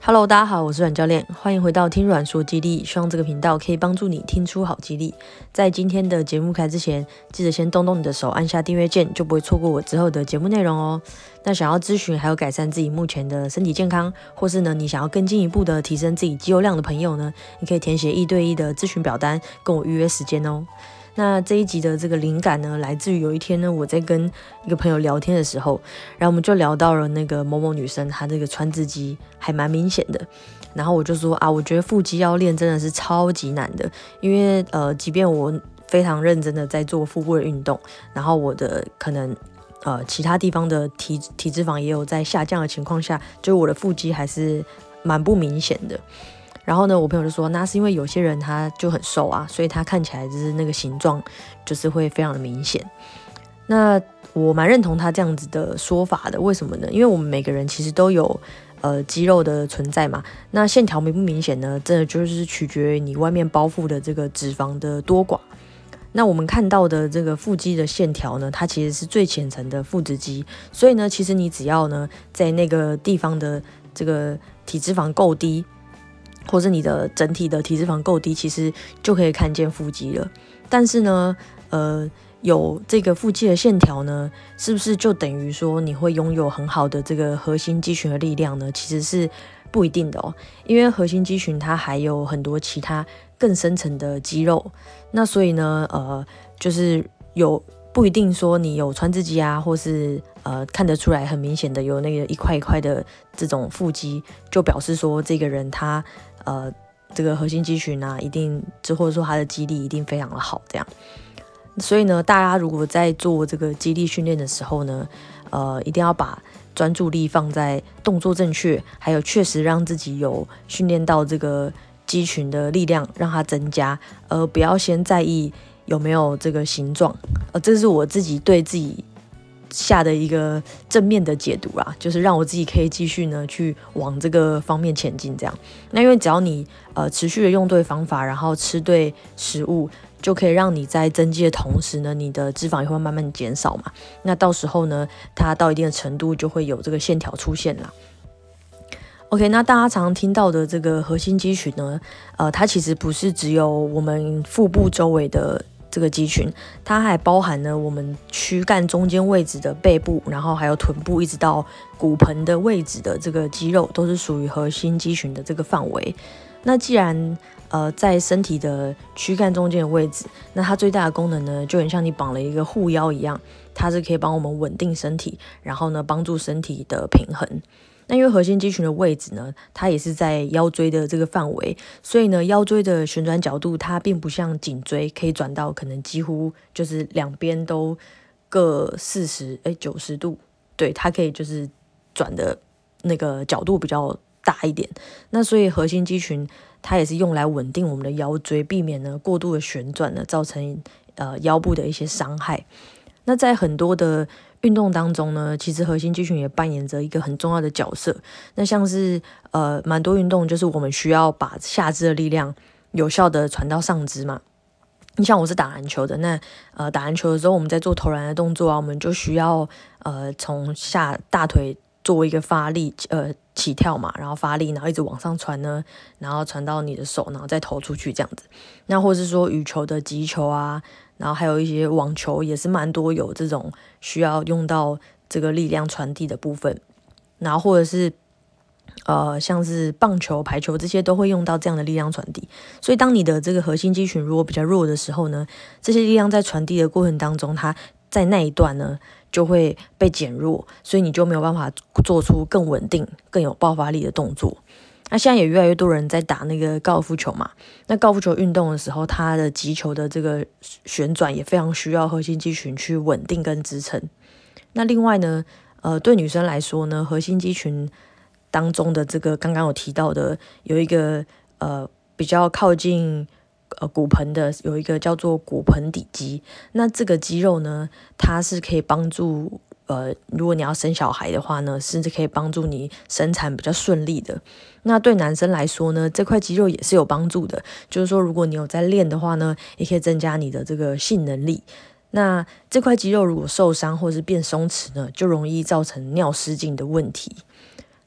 哈嘍，Hello，大家好，我是阮教練，歡迎回到聽阮說肌力，希望這個頻道可以幫助你聽出好肌力。在今天的節目開始之前，記得先動動你的手，按下訂閱鍵，就不會錯過我之後的節目內容哦。那想要諮詢還有改善自己目前的身體健康，或是呢你想要更進一步的提升自己肌肉量的朋友呢，你可以填寫一對一的諮詢表單，跟我預約時間哦。那這一集的這個靈感呢，來自於有一天呢，我在跟一個朋友聊天的時候，然後我們就聊到了那個某某女生，她這個川字肌還蠻明顯的。然後我就說啊，我覺得腹肌要練真的是超級難的，因為呃，即便我非常認真的在做腹部的運動，然後我的可能呃其他地方的體體脂肪也有在下降的情況下，就是我的腹肌還是蠻不明顯的。然後呢，我朋友就說，那是因為有些人他就很瘦啊，所以他看起來就是那個形狀就是會非常的明顯。那我蠻認同他這樣子的說法的。為什麼呢？因為我們每個人其實都有呃肌肉的存在嘛。那線條明不明顯呢？真的就是取決於你外面包覆的這個脂肪的多寡。那我們看到的這個腹肌的線條呢，它其實是最淺層的腹直肌。所以呢，其實你只要呢，在那個地方的這個體脂肪夠低。或者你的整體的體脂肪夠低，其實就可以看見腹肌了。但是呢，呃，有這個腹肌的線條呢，是不是就等於說你會擁有很好的這個核心肌群的力量呢？其實是不一定的哦，因為核心肌群它還有很多其他更深層的肌肉。那所以呢，呃，就是有不一定說你有川字肌啊，或是。呃，看得出來很明顯的有那個一塊一塊的這種腹肌，就表示說這個人他呃這個核心肌群啊，一定，或者說他的肌力一定非常的好，這樣。所以呢，大家如果在做這個肌力訓練的時候呢，呃，一定要把專注力放在動作正確，還有確實讓自己有訓練到這個肌群的力量，讓它增加，而、呃、不要先在意有沒有這個形狀，呃，這是我自己對自己下的一個正面的解讀啊，就是讓我自己可以繼續呢去往這個方面前進。這樣，那因為只要你呃持續的用對方法，然後吃對食物，就可以讓你在增肌的同時呢，你的脂肪也會慢慢減少嘛。那到時候呢，它到一定的程度就會有這個線條出現啦。OK，那大家常聽到的這個核心肌群呢，呃，它其實不是只有我們腹部周圍的。這個肌群，它還包含了我們軀幹中間位置的背部，然後還有臀部，一直到骨盆的位置的這個肌肉，都是屬於核心肌群的這個範圍。那既然呃在身體的軀幹中間的位置，那它最大的功能呢，就很像你綁了一個護腰一樣，它是可以幫我們穩定身體，然後呢幫助身體的平衡。那因為核心肌群的位置呢，它也是在腰椎的這個範圍，所以呢，腰椎的旋轉角度它並不像頸椎可以轉到可能幾乎就是兩邊都各四十哎九十度，對，它可以就是轉的那個角度比較大一點。那所以核心肌群它也是用來穩定我們的腰椎，避免呢過度的旋轉呢造成呃腰部的一些傷害。那在很多的運動當中呢，其實核心肌群也扮演着一個很重要的角色。那像是呃，蠻多運動就是我們需要把下肢的力量有效的傳到上肢嘛。你像我是打籃球的，那呃打籃球的時候，我們在做投籃的動作啊，我們就需要呃從下大腿。作為一個發力，呃，起跳嘛，然後發力，然後一直往上傳呢，然後傳到你的手，然後再投出去這樣子。那或者是說羽球的擊球啊，然後還有一些網球也是蠻多有這種需要用到這個力量傳遞的部分。然後或者是呃，像是棒球、排球這些都會用到這樣的力量傳遞。所以當你的這個核心肌群如果比較弱的時候呢，這些力量在傳遞的過程當中，它。在那一段呢，就會被減弱，所以你就沒有辦法做出更穩定、更有爆發力的動作。那現在也越來越多人在打那個高爾夫球嘛，那高爾夫球運動的時候，它的擊球的這個旋轉也非常需要核心肌群去穩定跟支撐。那另外呢，呃，對女生來說呢，核心肌群當中的這個剛剛有提到的，有一個呃比較靠近。呃，骨盆的有一個叫做骨盆底肌，那這個肌肉呢，它是可以幫助呃，如果你要生小孩的話呢，甚至可以幫助你生產比較順利的。那對男生來說呢，這塊肌肉也是有幫助的，就是說如果你有在練的話呢，也可以增加你的這個性能力。那這塊肌肉如果受傷或者是變鬆弛呢，就容易造成尿失禁的問題。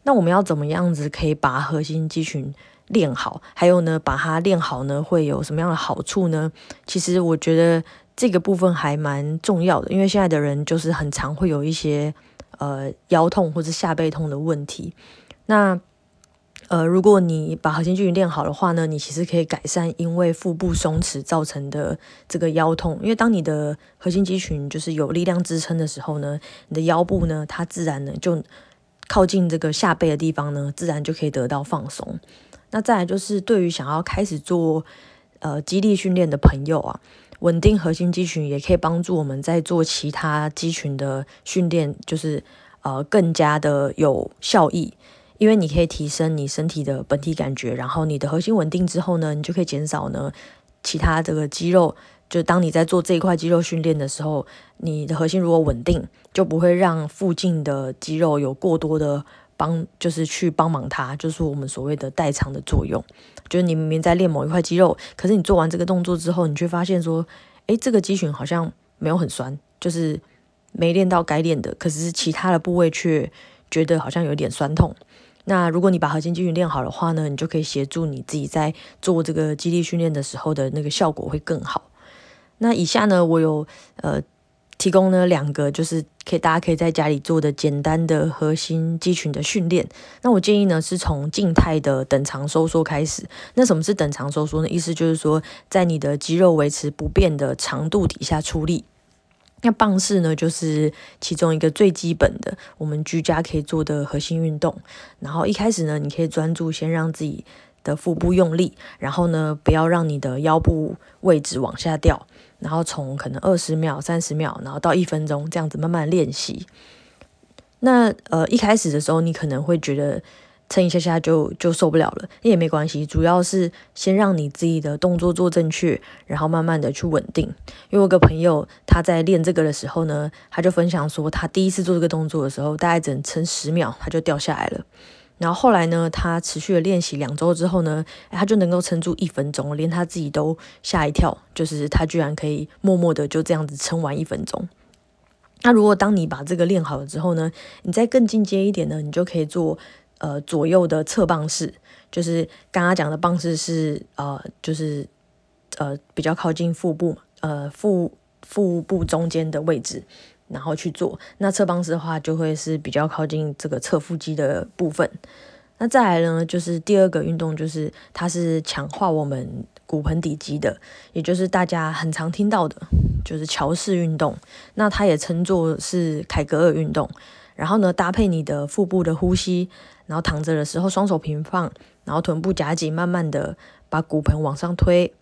那我們要怎麼樣子可以把核心肌群？練好，還有呢，把它練好呢，會有什麼樣的好處呢？其實我覺得這個部分還蠻重要的，因為現在的人就是很常會有一些呃腰痛，或者下背痛的問題。那呃，如果你把核心肌群練好的話呢，你其實可以改善因為腹部鬆弛造成的這個腰痛，因為當你的核心肌群就是有力量支撐的時候呢，你的腰部呢，它自然呢就靠近這個下背的地方呢，自然就可以得到放鬆。那再來就是對於想要開始做呃肌力訓練的朋友啊，穩定核心肌群也可以幫助我們在做其他肌群的訓練，就是呃更加的有效益，因為你可以提升你身體的本體感覺，然後你的核心穩定之後呢，你就可以減少呢其他的這個肌肉，就當你在做這一塊肌肉訓練的時候，你的核心如果穩定，就不會讓附近的肌肉有過多的。幫就是去幫忙他，就是我們所謂的代償的作用。就是你明明在練某一塊肌肉，可是你做完這個動作之後，你卻發現說，誒，這個肌群好像沒有很酸，就是沒練到該練的，可是其他的部位卻覺得好像有點酸痛。那如果你把核心肌群練好的話呢，你就可以協助你自己在做這個肌力訓練的時候的那個效果會更好。那以下呢，我有呃。提供呢兩個，就是可以大家可以在家裡做的簡單的核心肌群的訓練。那我建議呢，是從靜態的等長收縮開始。那什麼是等長收縮呢？意思就是說，在你的肌肉維持不變的長度底下出力。那棒式呢，就是其中一個最基本的、我們居家可以做的核心運動。然後一開始呢，你可以專注先讓自己。的腹部用力，然後呢，不要讓你的腰部位置往下掉，然後從可能二十秒、三十秒，然後到一分鐘，這樣子慢慢練習。那呃，一開始的時候，你可能會覺得撐一下下就就受不了了，那也沒關係，主要是先讓你自己的動作做正確，然後慢慢的去穩定。因為我有個朋友，他在練這個的時候呢，他就分享說，他第一次做這個動作的時候，大概只撐十秒，他就掉下來了。然後後來呢，他持續練習兩周之後呢，他就能夠撐住一分鐘，連他自己都嚇一跳，就是他居然可以默默的就這樣子撐完一分鐘。那如果當你把這個練好了之後呢，你再更進階一點呢，你就可以做呃左右的側棒式，就是剛剛講的棒式是呃就是呃比較靠近腹部，呃腹腹部中間的位置。然後去做那側棒式的話，就會是比較靠近這個側腹肌的部分。那再來呢，就是第二個運動，就是它是強化我們骨盆底肌的，也就是大家很常聽到的，就是橋式運動。那它也稱作是凱格爾運動。然後呢，搭配你的腹部的呼吸，然後躺着的時候，雙手平放，然後臀部夾緊，慢慢的把骨盆往上推。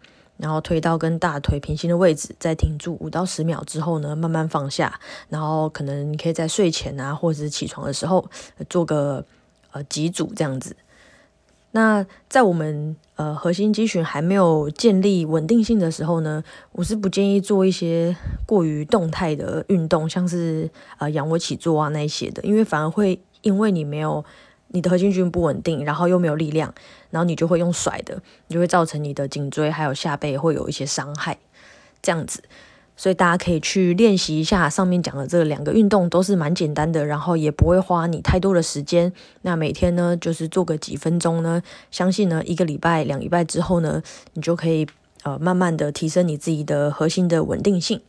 然後推到跟大腿平行的位置，再停住五到十秒之後呢，慢慢放下。然後可能你可以在睡前啊，或者是起床的時候，做個呃幾組這樣子。那在我們呃核心肌群還沒有建立穩定性的時候呢，我是不建議做一些過於動態的運動，像是呃仰臥起坐啊那些的，因為反而會因為你沒有。你的核心肌群不穩定，然後又沒有力量，然後你就會用甩的，你就會造成你的頸椎還有下背會有一些傷害，這樣子。所以大家可以去練習一下上面講的這兩個運動，都是蠻簡單的，然後也不會花你太多的時間。那每天呢，就是做個幾分鐘呢，相信呢一個禮拜、兩禮拜之後呢，你就可以呃慢慢的提升你自己的核心的穩定性。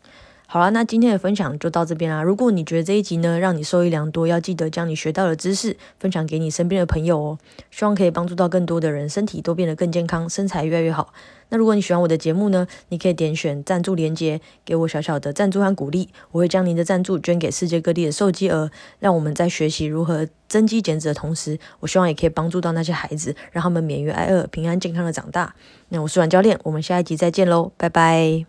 好啦，那今天的分享就到這邊啦。如果你覺得這一集呢，讓你受益良多，要記得將你學到的知識分享給你身邊的朋友哦、喔。希望可以幫助到更多的人，身體都變得更健康，身材越來越好。那如果你喜歡我的節目呢，你可以點選贊助鏈接，給我小小的贊助和鼓勵。我會將您的贊助捐給世界各地的受飢兒。讓我們在學習如何增肌減脂的同時，我希望也可以幫助到那些孩子，讓他們免於挨餓，平安健康地長大。那我是阮教練，我們下一集再見嘍，拜拜。